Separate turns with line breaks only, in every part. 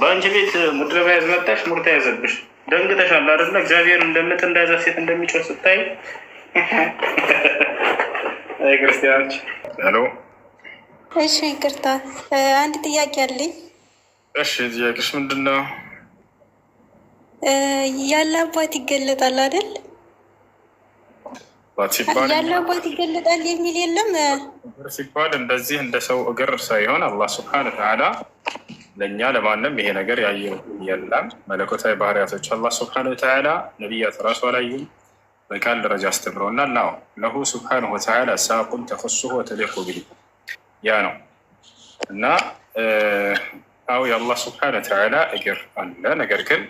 በአንቺ ቤት ሙድ ለመያዝ መጣሽ፣ ሙድ ተያዘብሽ። ደንግጠሻል አይደለ? እግዚአብሔር እንደምት እንዳይዛ ሴት እንደሚጮህ ስታይ ክርስቲያኖች።
ሄሎ፣
እሺ፣ ይቅርታ፣ አንድ ጥያቄ አለኝ።
እሺ፣ ጥያቄሽ ምንድን ነው?
ያለ አባት ይገለጣል አይደል? ያለ አባት ይገለጣል የሚል የለም
ሲባል እንደዚህ እንደ ሰው እግር ሳይሆን አላህ ስብሐነ ወተዓላ ለእኛ ለማንም ይሄ ነገር ያየነው የለም። መለኮታዊ ባህሪያቶች አላህ ስብሐነሁ ወተዓላ ነቢያት ራሱ አላዩም። በቃል ደረጃ አስተምረውናል። ናው ለሁ ስብሐነሁ ወተዓላ ሳቁን ተኸሱሁ ወተሊቁ ቢል ያ ነው እና አው የአላህ ስብሐነሁ ወተዓላ እግር አለ። ነገር ግን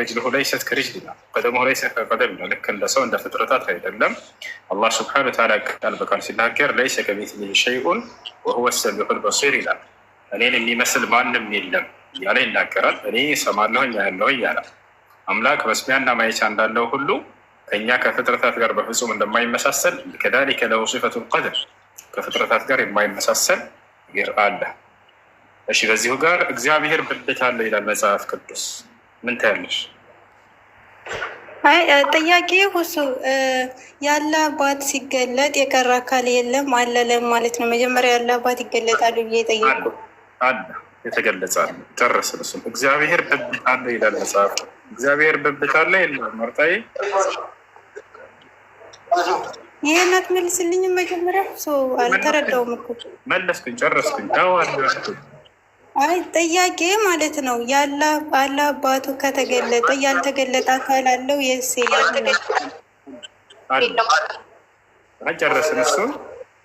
ሪጅልሁ ለይሰት ከሪጅሊና ቀደሙሁ ለይሰት ከቀደም ነው። ልክ እንደ ሰው እንደ ፍጥረታት አይደለም። አላህ ስብሐነሁ ወተዓላ ቃል በቃል ሲናገር ለይሰ ከሚስሊሂ ሸይኡን ወሁወ ሰሚዑል በሲር ይላል። እኔን የሚመስል ማንም የለም እያለ ይናገራል። እኔ እሰማለሁኝ ያለሁኝ እያለ አምላክ መስሚያና ማየቻ እንዳለው ሁሉ ከእኛ ከፍጥረታት ጋር በፍጹም እንደማይመሳሰል ከዛሊከ ለሁ ሲፈቱል ቀድር ከፍጥረታት ጋር የማይመሳሰል ግር አለ። እሺ፣ በዚሁ ጋር እግዚአብሔር ብልት አለው ይላል መጽሐፍ ቅዱስ። ምን ታያለሽ?
ጥያቄ ሁሱ ያለ አባት ሲገለጥ የቀረ አካል የለም አለለም ማለት ነው። መጀመሪያ ያለ አባት ይገለጣሉ ብዬ ጠየቁ።
አለ የተገለጸ አለ። ጨረስን። እሱም እግዚአብሔር በብት አለ ይላል መጽሐፍ። እግዚአብሔር በብት አለ የለም። መርጣዬ
ይህን መልስልኝ። መጀመሪያ ሰው አልተረዳውም እኮ
መለስኩኝ፣ ጨረስኩኝ። አዎ አልኩኝ።
አይ ጥያቄ ማለት ነው ያለ አለ አባቱ ከተገለጠ ያልተገለጠ አካል አለው የስ
አልጨረስን እሱ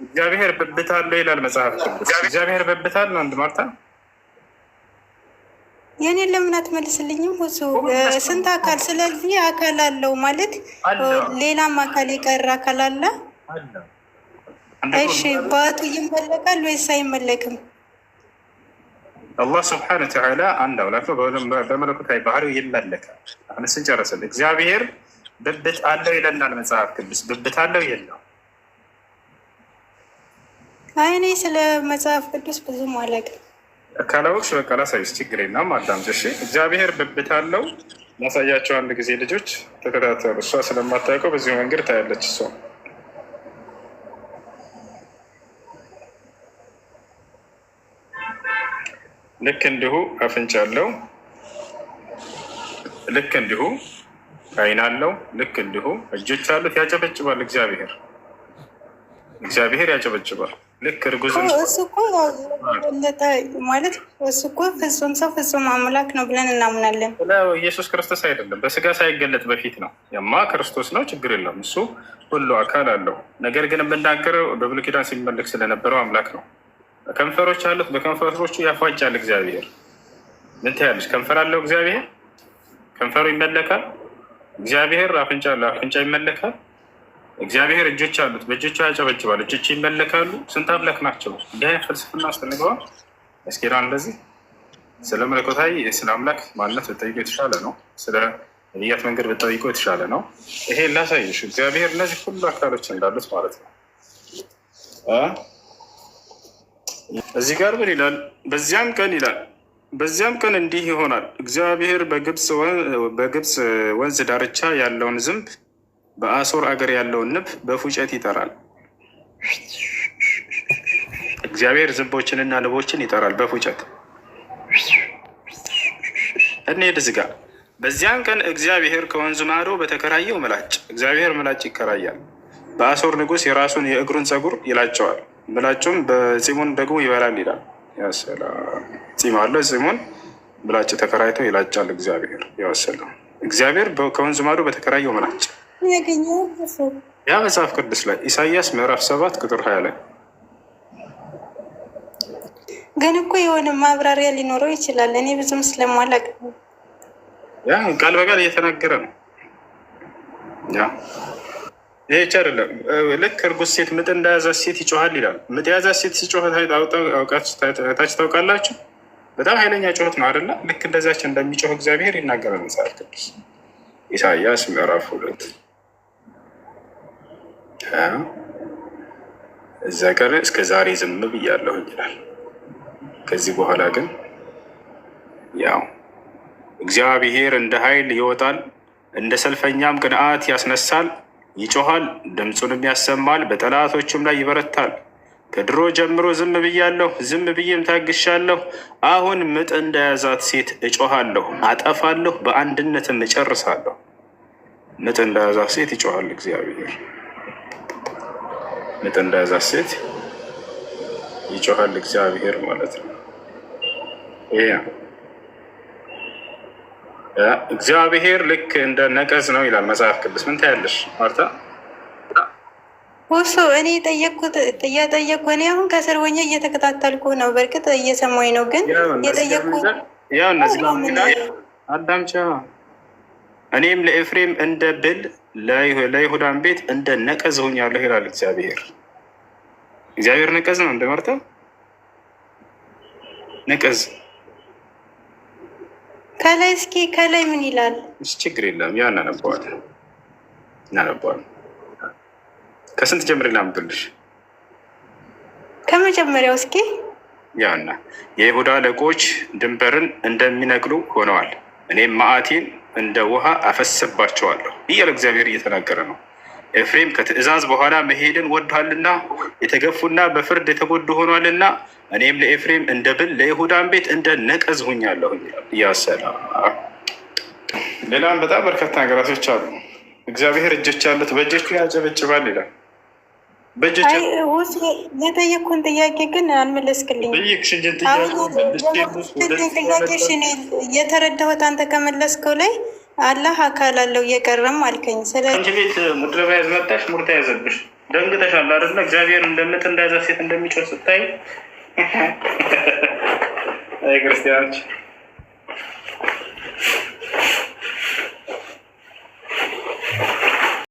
እግዚአብሔር ብብት ይላል መጽሐፍ ቅዱስ። እግዚአብሔር ብብት አለው። አንድ ማርታ
የኔን ለምን አትመልስልኝም? ሁሱ ስንት አካል ስለዚህ አካል አለው ማለት ሌላም አካል የቀረ አካል አለ። እሺ በአቱ ይመለካል ወይስ አይመለክም?
አላህ ስብሓነ ወተዓላ አንድ አምላክ በመለኮታዊ ባህሪው ይመለካል። አንስን ጨረስን። እግዚአብሔር ብብት አለው ይለናል መጽሐፍ ቅዱስ። ብብት አለው የለው
እኔ ስለ መጽሐፍ ቅዱስ ብዙም አላውቅም።
ካላወቅሽ በቃ ላሳይሽ፣ ችግር የለም አዳምጪ። እሺ እግዚአብሔር ብብት አለው። ማሳያቸው አንድ ጊዜ ልጆች ተከታተሉ። እሷ ስለማታውቀው በዚህ መንገድ ታያለች እሷ ልክ እንዲሁ አፍንጫ አለው። ልክ እንዲሁ አይን አለው። ልክ እንዲሁ እጆች አሉት። ያጨበጭባል። እግዚአብሔር እግዚአብሔር ያጨበጭባል። ልክ እርጉዝ
እሱ እኮ ማለት እሱ እኮ ፍጹም ሰው ፍጹም አምላክ ነው ብለን እናምናለን።
ኢየሱስ ክርስቶስ አይደለም በስጋ ሳይገለጥ በፊት ነው ክርስቶስ ነው። ችግር የለም እሱ ሁሉ አካል አለው። ነገር ግን የምናገረው በብሉይ ኪዳን ሲመለክ ስለነበረው አምላክ ነው። ከንፈሮች አሉት፣ በከንፈሮቹ ያፏጫል። እግዚአብሔር ምን ትያለች? ከንፈር አለው እግዚአብሔር። ከንፈሩ ይመለካል። እግዚአብሔር አፍንጫ አለው፣ አፍንጫ ይመለካል። እግዚአብሔር እጆች አሉት፣ በእጆቹ ያጨበጭባል፣ እጆች ይመለካሉ። ስንት አምላክ ናቸው? እንዲህ አይነት ፍልስፍና ውስጥ ንገባ እስኪራ። እንደዚህ ስለ መለኮታዊ ስለ አምላክ ማንነት ብጠይቆ የተሻለ ነው። ስለ ነቢያት መንገድ ብጠይቆ የተሻለ ነው። ይሄ ላሳይሽ፣ እግዚአብሔር እነዚህ ሁሉ አካሎች እንዳሉት ማለት ነው። እዚህ ጋር ምን ይላል? በዚያም ቀን ይላል በዚያም ቀን እንዲህ ይሆናል፣ እግዚአብሔር በግብፅ ወንዝ ዳርቻ ያለውን ዝንብ በአሶር አገር ያለውን ንብ በፉጨት ይጠራል። እግዚአብሔር ዝንቦችንና ንቦችን ይጠራል በፉጨት። እኔ ድዝጋ በዚያን ቀን እግዚአብሔር ከወንዝ ማዶ በተከራየው ምላጭ፣ እግዚአብሔር ምላጭ ይከራያል። በአሶር ንጉሥ የራሱን የእግሩን ፀጉር ይላጨዋል፣ ምላጩም በፂሙን ደግሞ ይበላል ይላል። ፂም አለ ፂሙን ምላጭ ተከራይቶ ይላጫል። እግዚአብሔር ያወሰለው እግዚአብሔር ከወንዝ ማዶ በተከራየው ምላጭ ያ መጽሐፍ ቅዱስ ላይ ኢሳያስ ምዕራፍ ሰባት ቁጥር ሀያ ላይ
ግን እኮ የሆነ ማብራሪያ ሊኖረው ይችላል። እኔ ብዙም ስለማላቅ
ያ ቃል በቃል እየተናገረ ነው። ያ ይሄ ብቻ አይደለም። ልክ እርጉዝ ሴት ምጥ እንደያዛት ሴት ይጮሃል ይላል። ምጥ የያዛ ሴት ሲጮህ ታች ታውቃላችሁ። በጣም ኃይለኛ ጩኸት ነው አይደለ? ልክ እንደዛች እንደሚጮህ እግዚአብሔር ይናገራል መጽሐፍ ቅዱስ ኢሳያስ ምዕራፍ ሁለት እዛ ቀር እስከ ዛሬ ዝም ብያለሁ ይላል። ከዚህ በኋላ ግን ያው እግዚአብሔር እንደ ኃይል ይወጣል፣ እንደ ሰልፈኛም ቅንዓት ያስነሳል፣ ይጮኋል፣ ድምፁንም ያሰማል፣ በጠላቶቹም ላይ ይበረታል። ከድሮ ጀምሮ ዝም ብያለሁ፣ ዝም ብዬም ታግሻለሁ። አሁን ምጥ እንደያዛት ሴት እጮሃለሁ፣ አጠፋለሁ፣ በአንድነትም እጨርሳለሁ። ምጥ እንደያዛት ሴት ይጮኋል እግዚአብሔር ምጥ እንደያዛት ሴት ይጮሃል እግዚአብሔር ማለት ነው። ይሄ እግዚአብሔር ልክ እንደ ነቀዝ ነው ይላል መጽሐፍ ቅዱስ። ምን ታያለሽ ማርታ?
እሱ እኔ የጠየቅኩ እኔ አሁን ከስር ወኛ እየተከታተልኩ ነው። በእርግጥ እየሰማኝ ነው፣ ግን
የጠየቅኩ ያው እነዚህ አዳምቻ እኔም ለኤፍሬም እንደ ብል ለይሁዳን ቤት እንደ ነቀዝ ሆኛለሁ ይላል እግዚአብሔር። እግዚአብሔር ነቀዝ ነው እንደመርተው? ነቀዝ።
ከላይ እስኪ ከላይ ምን ይላል?
ችግር የለም ያ እናነበዋል እናነበዋል። ከስንት ጀምር ላምብልሽ?
ከመጀመሪያው እስኪ
ያና የይሁዳ አለቆች ድንበርን እንደሚነቅሉ ሆነዋል። እኔም መዓቴን እንደ ውሃ አፈስባቸዋለሁ እያለ እግዚአብሔር እየተናገረ ነው። ኤፍሬም ከትእዛዝ በኋላ መሄድን ወድሃልና የተገፉና በፍርድ የተጎዱ ሆኗልና እኔም ለኤፍሬም እንደ ብል ለይሁዳን ቤት እንደ ነቀዝ ሁኛለሁ። እያሰላ ሌላም በጣም በርካታ ነገራቶች አሉ። እግዚአብሔር እጆች ያሉት በእጆቹ ያጨበጭባል ይላል።
የጠየኩን ጥያቄ ግን አልመለስክልኝም። የተረዳሁት አንተ ከመለስከው ላይ አላህ አካል አለው እየቀረም አልከኝ።
ስለአንቺ ቤት ሙድረ መያዝ መጣሽ፣ ሙር ተያዘብሽ፣ አይደለ? እግዚአብሔር እንደምት እንዳያዛ ሴት ስታይ ክርስቲያኖች